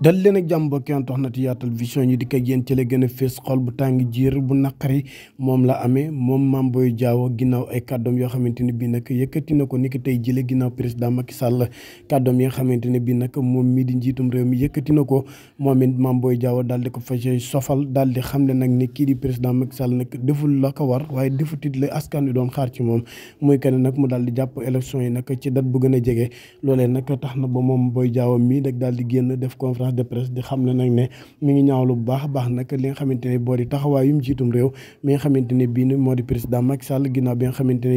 dal leen ak jàmm ba kenn tax na ci yaatal vision yi di ko yéen ci la gën a fees xol bu tàng jiir bu naqari moom la amee moom Mame Boye Diao ginnaaw ay kàddoom yoo xamante ne bii nag yëkkati na ko ni tey jële ginnaaw président Macky Sall kàddoom yi nga xamante ne bii nag moom mii di njiitum réew mi yëkkati na ko moom it Mame Boye Diao daal di ko fasey sofal daal di xam ne nag ni kii di président Macky Sall nag deful la ko war waaye defutit la askan wi doon xaar ci moom muy que ne nag mu daal di jàpp élection yi nag ci date bu gën jege loolee nag tax na ba moom Boye Diao mii nag daal di génn def conférence conférence de presse di xam ne nag ne mi ngi ñaawlu bu baax baax nag li nga xamante ne boo di taxawaayum jiitum réew mi nga xamante ne bii moo di président Macky Sall ginnaaw bi nga xamante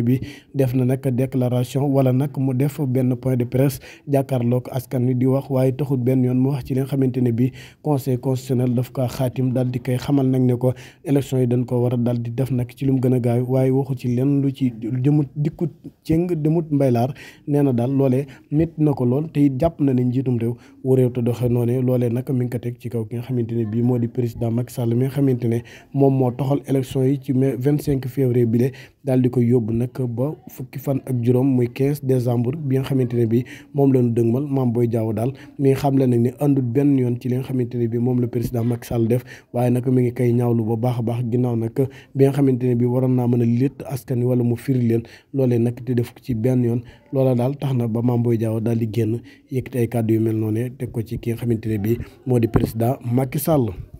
def na nag déclaration wala nag mu def benn point de presse jàkkaarloog askan wi di wax waaye taxul benn yoon mu wax ci li nga xamante ne bii conseil constitutionnel daf kaa xaatim daal di koy xamal nag ne ko élection yi dañ ko war a daal di def nag ci lu mu gën a gaaw waaye waxu ci nga demut mbaylaar nee na daal loole métti na ko lool te it jàpp na ne njiitum réew wareew te doxe noonee loole nag mi ngi ko teg ci kaw ki nga xamante ne bii moo di président Macky Sall mi nga xamante ne moom moo toxal élection yi ci mais vingt cinq février bi de daal di koy yóbbu nag ba fukki fan ak juróom muy 15 décembre bi nga xamante ne bi moom la ñu dëgmal Mame Boye Diao daal mi ngi xam la nag ni àndul benn yoon ci li nga xamante ne bi moom la président Macky Sall def waaye nag mi ngi koy ñaawlu ba baax a baax ginnaaw nag bi nga xamante ne bi waroon naa mën a létt askan wi wala mu firi leen loolee nag te def ci benn yoon loola daal tax na ba Mame Boye Diao daal di génn yëkkati ay kàddu yu mel noone teg ko ci ki nga xamante ne bi moo di président Macky Sall